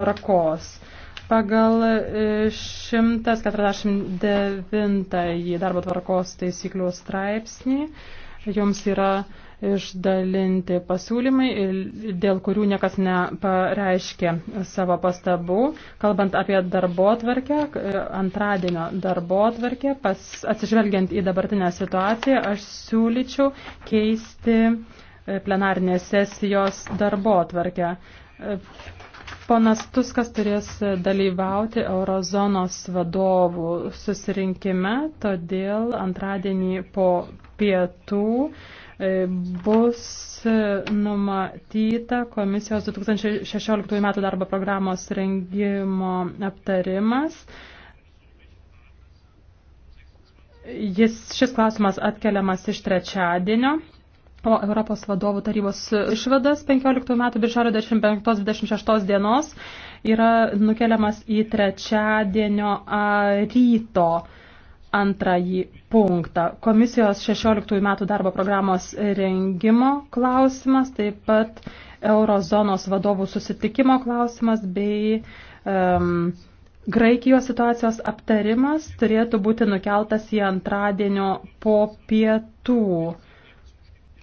tvarkos. Pagal 149 e, darbo tvarkos taisyklių straipsnį jums yra išdalinti pasiūlymai, dėl kurių niekas nepareiškė savo pastabų. Kalbant apie darbo tvarkę, e, antradienio darbo tvarkę, pas, atsižvelgiant į dabartinę situaciją, aš siūlyčiau keisti e, plenarinės sesijos darbo tvarkę Ponas Tuskas turės dalyvauti Eurozonos vadovų susirinkime, todėl antradienį po pietų e, bus numatyta komisijos 2016 m. darbo programos rengimo aptarimas. Jis, šis klausimas atkeliamas iš trečiadienio po Europos vadovų tarybos išvadas 15 metų birželio 25-26 dienos yra nukeliamas į trečiadienio ryto antrąjį punktą. Komisijos 16 metų darbo programos rengimo klausimas, taip pat eurozonos vadovų susitikimo klausimas bei um, Graikijos situacijos aptarimas turėtų būti nukeltas į antradienio po pietų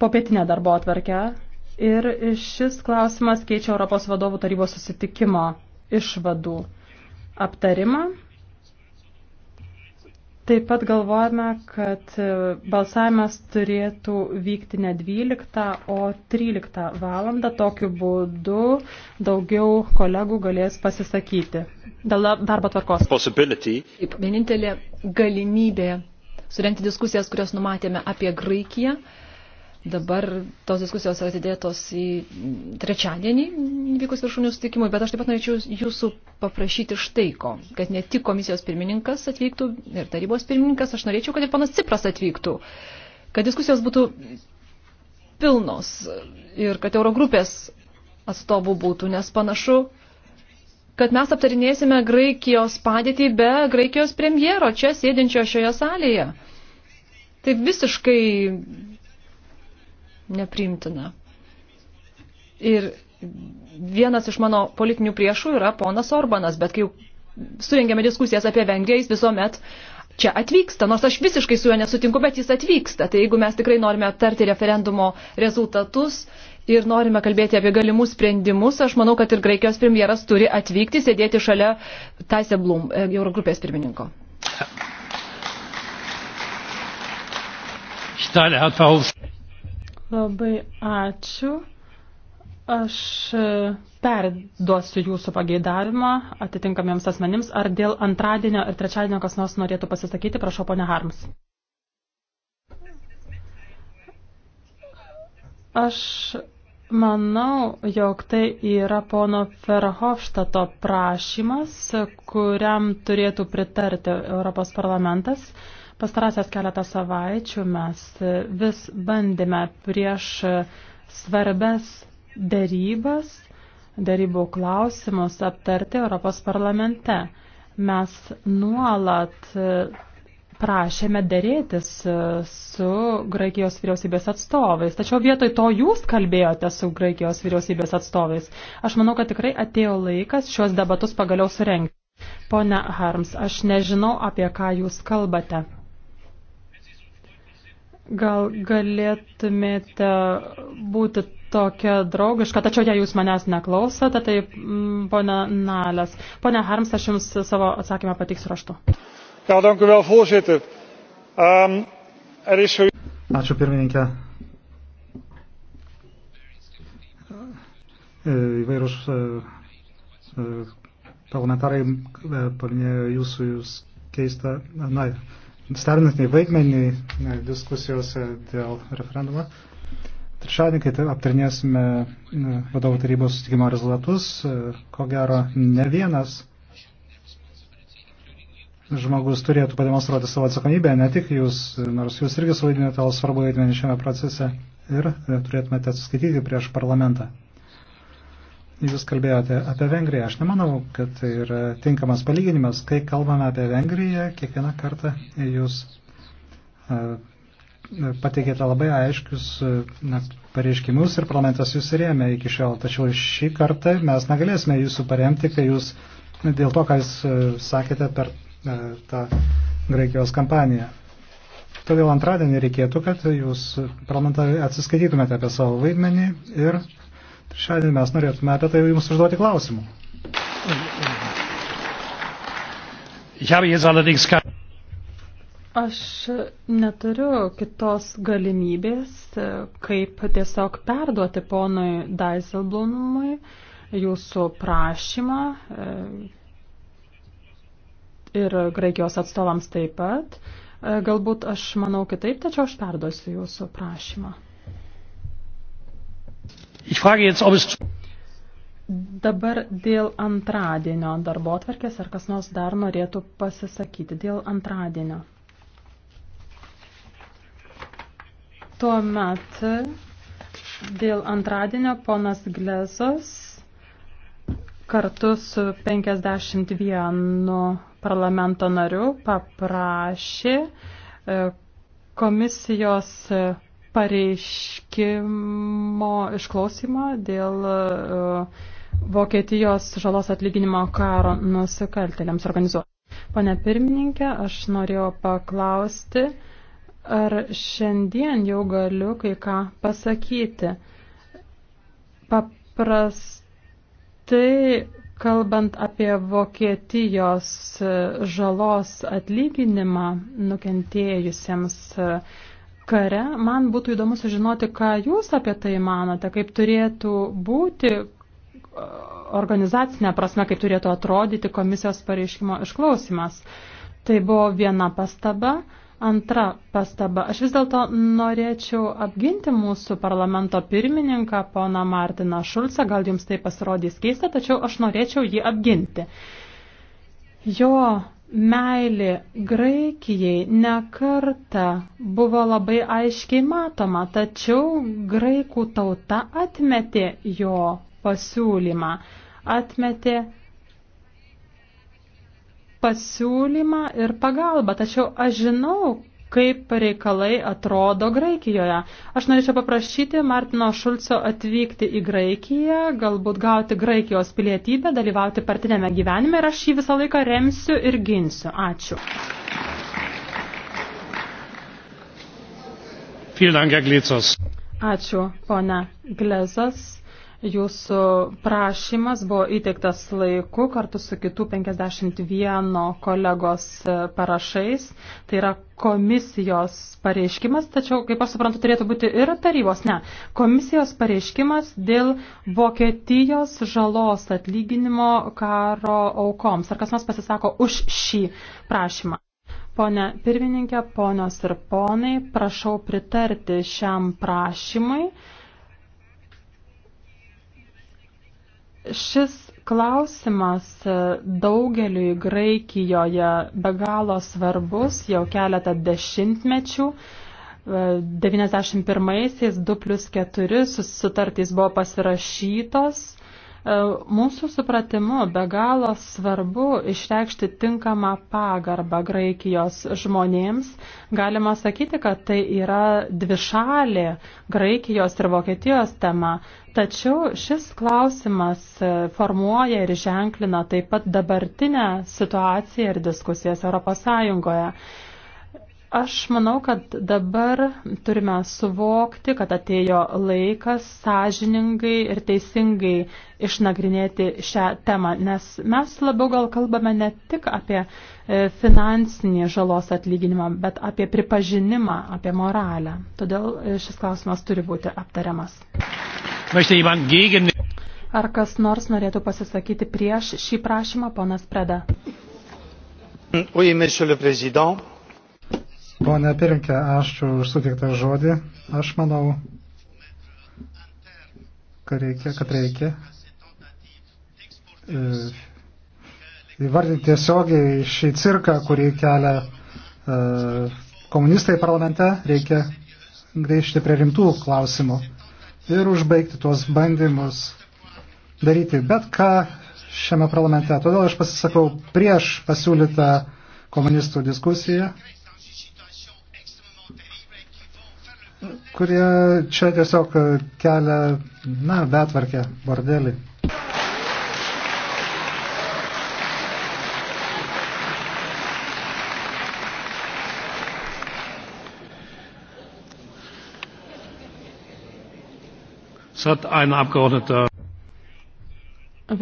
popietinę darbo atvarkę ir šis klausimas keičia Europos vadovų tarybos susitikimo išvadų aptarimą. Taip pat galvojame, kad balsavimas turėtų vykti ne 12, o 13 valandą. Tokiu būdu daugiau kolegų galės pasisakyti dėl darbo tvarkos. Taip, vienintelė galimybė surenti diskusijas, kurias numatėme apie Graikiją, Dabar tos diskusijos yra atidėtos į trečiadienį vykus viršūnių sutikimui, bet aš taip pat norėčiau jūsų paprašyti štai ko, kad ne tik komisijos pirmininkas atvyktų ir tarybos pirmininkas, aš norėčiau, kad ir panas Cipras atvyktų, kad diskusijos būtų pilnos ir kad Eurogrupės atstovų būtų, nes panašu, kad mes aptarinėsime Graikijos padėtį be Graikijos premjero čia sėdinčio šioje salėje. Tai visiškai nepriimtina. Ir vienas iš mano politinių priešų yra ponas Orbanas, bet kai surengėme diskusijas apie Vengriją, jis visuomet čia atvyksta, nors aš visiškai su juo nesutinku, bet jis atvyksta. Tai jeigu mes tikrai norime aptarti referendumo rezultatus ir norime kalbėti apie galimus sprendimus, aš manau, kad ir Graikijos premjeras turi atvykti, sėdėti šalia Taise Blum, e, Eurogrupės pirmininko. Labai ačiū. Aš e, perduosiu jūsų pageidavimą atitinkamiems asmenims. Ar dėl antradienio ir trečiadienio kas nors norėtų pasisakyti? Prašau, ponia Harms. Aš manau, jog tai yra pono Ferhofštato prašymas, kuriam turėtų pritarti Europos parlamentas. Pastarąsias keletą savaičių mes vis bandėme prieš svarbes dėrybas, dėrybų klausimus aptarti Europos parlamente. Mes nuolat prašėme dėrėtis su Graikijos vyriausybės atstovais. Tačiau vietoj to jūs kalbėjote su Graikijos vyriausybės atstovais. Aš manau, kad tikrai atėjo laikas šios debatus pagaliau surenkti. Pone Harms, aš nežinau, apie ką jūs kalbate. Gal galėtumėte būti tokia draugiška, tačiau jei jūs manęs neklausote, tai m, mm, pone Nalės. Pone Harms, aš jums savo atsakymą patiksiu raštu. Ja, danku vėl, voorzitter. Um, er is... Ačiū pirmininkė. E, įvairūs e, e, parlamentarai paminėjo jūsų jūs keistą, na, stebinantį vaidmenį diskusijose dėl referendumo. Trišadienį, kai aptarnėsime vadovų tarybos sustikimo rezultatus, ko gero ne vienas žmogus turėtų pademonstruoti savo atsakomybę, ne tik jūs, nors jūs irgi suvaidinate svarbu vaidmenį šiame procese ir e, turėtumėte atsiskaityti prieš parlamentą. Jūs kalbėjote apie Vengriją. Aš nemanau, kad tai yra tinkamas palyginimas. Kai kalbame apie Vengriją, kiekvieną kartą jūs e, pateikėte labai aiškius e, pareiškimus ir parlamentas jūs rėmė iki šiol. Tačiau šį kartą mes negalėsime jūsų paremti, kai jūs dėl to, ką jūs e, sakėte per tą Graikijos kampaniją. Todėl antradienį reikėtų, kad jūs parlamentarai atsiskaitytumėte apie savo vaidmenį ir Šiandien mes norėtume apie tai jums užduoti klausimų. Aš neturiu kitos galimybės, kaip tiesiog perduoti ponui Daiselblumui jūsų prašymą e, ir Graikijos atstovams taip pat. E, galbūt aš manau kitaip, tačiau aš perduosiu jūsų prašymą. Ich frage jetzt, ob es... Dabar dėl antradienio darbo atvarkės, ar kas nors dar norėtų pasisakyti dėl antradienio. Tuomet dėl antradienio ponas Glezos kartu su 51 parlamento nariu paprašė e, komisijos pareiškimo išklausimo dėl e, Vokietijos žalos atlyginimo karo nusikaltėliams organizuoti. Pane pirmininkė, aš norėjau paklausti, ar šiandien jau galiu kai ką pasakyti. Paprastai Kalbant apie Vokietijos žalos atlyginimą nukentėjusiems kare. Man būtų įdomu sužinoti, ką jūs apie tai manote, kaip turėtų būti uh, organizacinė prasme, kaip turėtų atrodyti komisijos pareiškimo išklausimas. Tai buvo viena pastaba. Antra pastaba. Aš vis dėlto norėčiau apginti mūsų parlamento pirmininką, poną Martiną Šulcą. Gal jums tai pasirodys keista, tačiau aš norėčiau jį apginti. Jo meilė Graikijai nekarta buvo labai aiškiai matoma, tačiau graikų tauta atmetė jo pasiūlymą, atmetė pasiūlymą ir pagalbą. Tačiau aš žinau, kaip reikalai atrodo Graikijoje. Aš norėčiau paprašyti Martino Šulco atvykti į Graikiją, galbūt gauti Graikijos pilietybę, dalyvauti partinėme gyvenime ir aš jį visą laiką remsiu ir ginsiu. Ačiū. Ačiū, pone Glezas. Jūsų prašymas buvo įteiktas laiku kartu su kitų 51 kolegos e, parašais. Tai yra komisijos pareiškimas, tačiau, kaip aš suprantu, turėtų būti ir tarybos. Ne, komisijos pareiškimas dėl Vokietijos žalos atlyginimo karo aukoms. Ar kas nors pasisako už šį prašymą? Pone pirmininkė, ponios ir ponai, prašau pritarti šiam prašymui. Šis klausimas daugeliui Graikijoje be galo svarbus jau keletą dešimtmečių. 91-aisiais 2 plus 4 sutartys buvo pasirašytos E, mūsų supratimu be galo svarbu išreikšti tinkamą pagarbą Graikijos žmonėms. Galima sakyti, kad tai yra dvišalė Graikijos ir Vokietijos tema. Tačiau šis klausimas e, formuoja ir ženklina taip pat dabartinę situaciją ir diskusijas Europos Sąjungoje. Aš manau, kad dabar turime suvokti, kad atėjo laikas sąžiningai ir teisingai išnagrinėti šią temą, nes mes labiau gal kalbame ne tik apie e, finansinį žalos atlyginimą, bet apie pripažinimą, apie moralę. Todėl e, šis klausimas turi būti aptariamas. Ar kas nors norėtų pasisakyti prieš šį prašymą, ponas Preda? Oui, monsieur le président. Pone Pirinkė, ačiū už sutiktą žodį. Aš manau, kad reikia, kad reikia e, įvardinti tiesiogiai šį cirką, kurį kelia uh, komunistai parlamente, reikia grįžti prie rimtų klausimų ir užbaigti tuos bandymus daryti bet ką šiame parlamente. Todėl aš pasisakau prieš pasiūlytą komunistų diskusiją kurie čia tiesiog kelia, na, betvarkę, bordelį.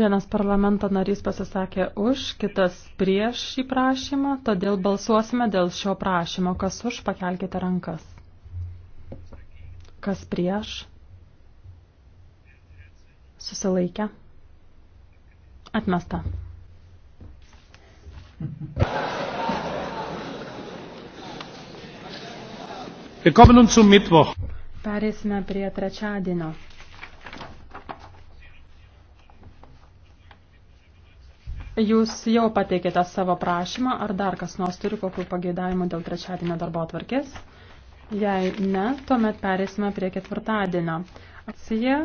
Vienas parlamento narys pasisakė už, kitas prieš šį prašymą, todėl balsuosime dėl šio prašymo. Kas už, pakelkite rankas. Kas prieš? Susilaikę. Atmesta. Wir kommen nun zum Mittwoch. Pereisime prie trečiadienio. Jūs jau pateikėte savo prašymą, ar dar kas nors turi kokių pageidavimų dėl trečiadienio darbo atvarkės? Jei ne, tuomet perėsime prie ketvirtadienio. Akcija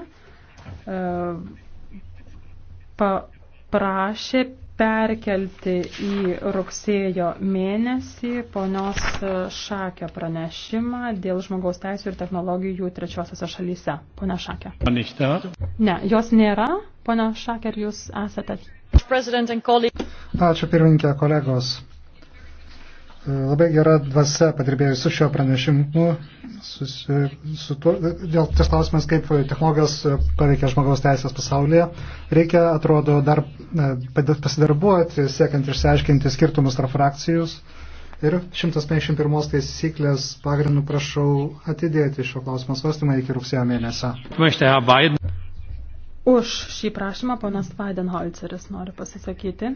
e, paprašė perkelti į rugsėjo mėnesį ponios Šakio pranešimą dėl žmogaus teisų ir technologijų trečiosiose šalyse. Pone Šakė. Ne, jos nėra. Pone Šakė, ar jūs esate? Ačiū pirmininkė, kolegos labai gera dvasia padirbėjus su šio pranešimu, su, su tuo, dėl tas klausimas, kaip technologijos paveikia žmogaus teisės pasaulyje. Reikia, atrodo, dar e, pasidarbuoti, siekiant išsiaiškinti skirtumus tarp frakcijus. Ir 151 taisyklės pagrindų prašau atidėti šio klausimo svarstymą iki rugsėjo mėnesio. Už šį prašymą ponas Vaidenholceris nori pasisakyti.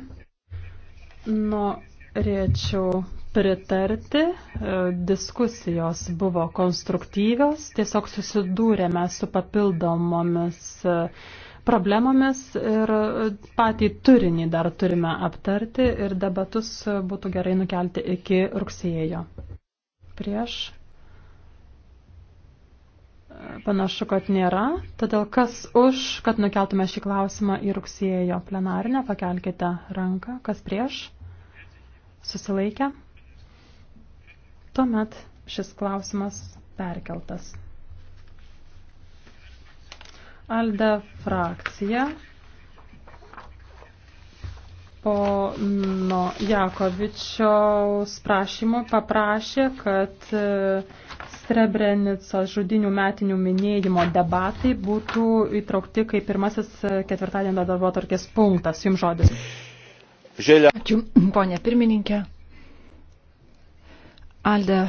Nuo Norėčiau pritarti. E, diskusijos buvo konstruktyvios, tiesiog susidūrėme su papildomomis e, problemomis ir e, patį turinį dar turime aptarti ir debatus būtų gerai nukelti iki rugsėjo. Prieš. Panašu, kad nėra. Todėl kas už, kad nukeltume šį klausimą į rugsėjo plenarinę, pakelkite ranką. Kas prieš? Susilaikę? Tuomet šis klausimas perkeltas. Alde frakcija pono Jakovičiaus prašymu paprašė, kad e, Srebrenicos žudinių metinių minėjimo debatai būtų įtraukti kaip pirmasis ketvirtadienio darbo tarkės punktas. Jums žodis žėlė. Ačiū, ponė pirmininkė. Alde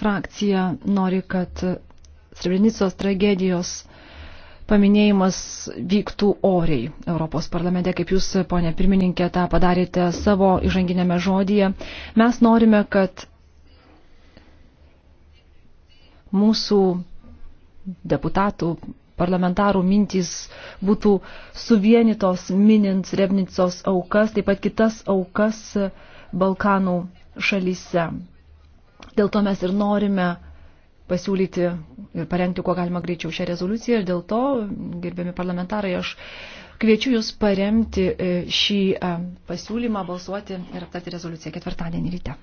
frakcija nori, kad Srebrenicos tragedijos paminėjimas vyktų oriai Europos parlamente, kaip jūs, ponė pirmininkė, tą padarėte savo įžanginėme žodyje. Mes norime, kad mūsų deputatų, parlamentarų mintys būtų suvienytos minint Rebnicos aukas, taip pat kitas aukas Balkanų šalyse. Dėl to mes ir norime pasiūlyti ir parengti, kuo galima greičiau šią rezoliuciją ir dėl to, gerbiami parlamentarai, aš kviečiu Jūs paremti e, šį e, pasiūlymą, balsuoti ir aptarti rezoliuciją ketvirtadienį ryte.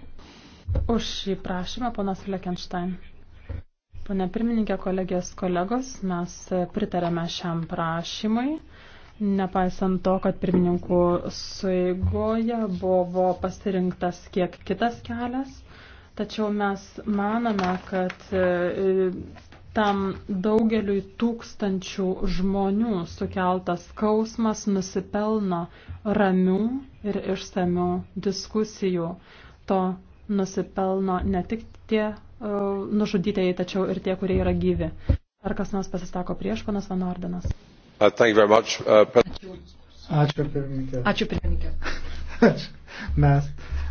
Už šį prašymą, ponas Lekenštain. Pane pirmininkė, kolegės kolegos, mes pritarėme šiam prašymui. Nepaisant to, kad pirmininkų suigoje buvo pasirinktas kiek kitas kelias, tačiau mes manome, kad e, tam daugeliui tūkstančių žmonių sukeltas skausmas nusipelno ramių ir išsamių diskusijų. To nusipelno ne tik tie E, nužudytieji, tačiau ir tie, kurie yra gyvi. Ar kas nors pasistako prieš, panas Van Ordenas? Uh, much, uh, Ačiū. Ačiū pirmininkė. Ačiū pirmininkė. Mes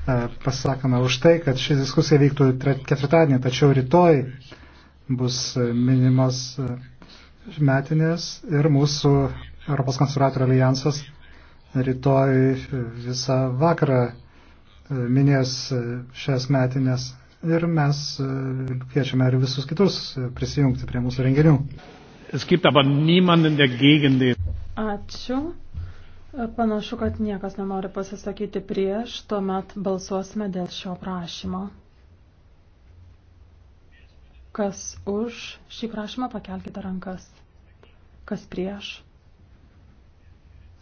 uh, pasakome už tai, kad ši diskusija vyktų ketvirtadienį, tačiau rytoj bus uh, minimas uh, metinės ir mūsų Europos konservatorių alijansas rytoj uh, visą vakarą minės šias metinės ir mes e, kviečiame ir visus kitus e, prisijungti prie mūsų renginių. Ačiū. E, panašu, kad niekas nenori pasisakyti prieš, tuomet balsuosime dėl šio prašymo. Kas už šį prašymą pakelkite rankas. Kas prieš?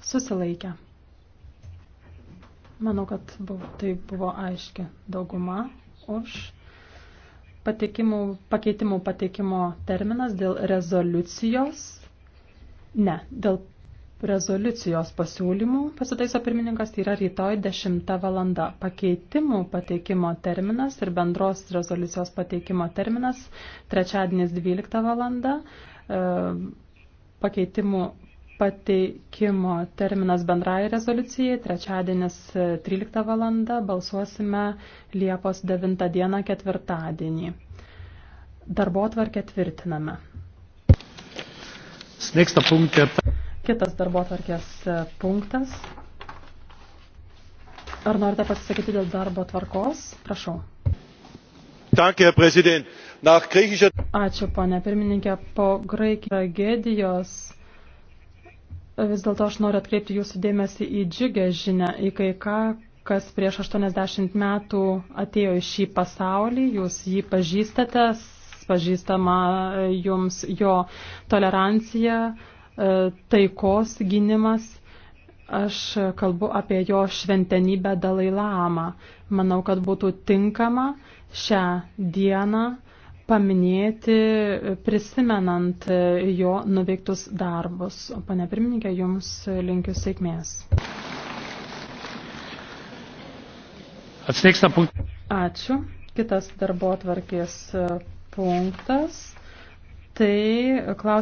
Susilaikę. Manau, kad buvo, tai buvo aiški dauguma už pateikimų, pakeitimų pateikimo terminas dėl rezoliucijos. Ne, dėl rezoliucijos pasiūlymų pasitaiso pirmininkas tai yra rytoj 10 valanda. Pakeitimų pateikimo terminas ir bendros rezoliucijos pateikimo terminas trečiadienis 12 valanda. E, pakeitimų pateikimo terminas bendrai rezoliucijai trečiadienis 13 e, valanda, balsuosime Liepos 9 dieną ketvirtadienį. Darbo tvarkę tvirtiname. Kitas darbo tvarkės e, punktas. Ar norite pasisakyti dėl darbo tvarkos? Prašau herr präsident! nach griechischer tragödie po graikijos Vis dėlto aš noriu atkreipti jūsų dėmesį į džiugę žinę, į kai ką, kas prieš 80 metų atėjo į šį pasaulį, jūs jį pažįstate, pažįstama e, jums jo tolerancija, e, taikos gynimas. Aš kalbu apie jo šventenybę Dalai Lama. Manau, kad būtų tinkama šią dieną paminėti, prisimenant jo nuveiktus darbus. Pane pirmininkė, jums linkiu sėkmės. Ačiū. Kitas darbo atvarkės e, punktas. Tai klausimas.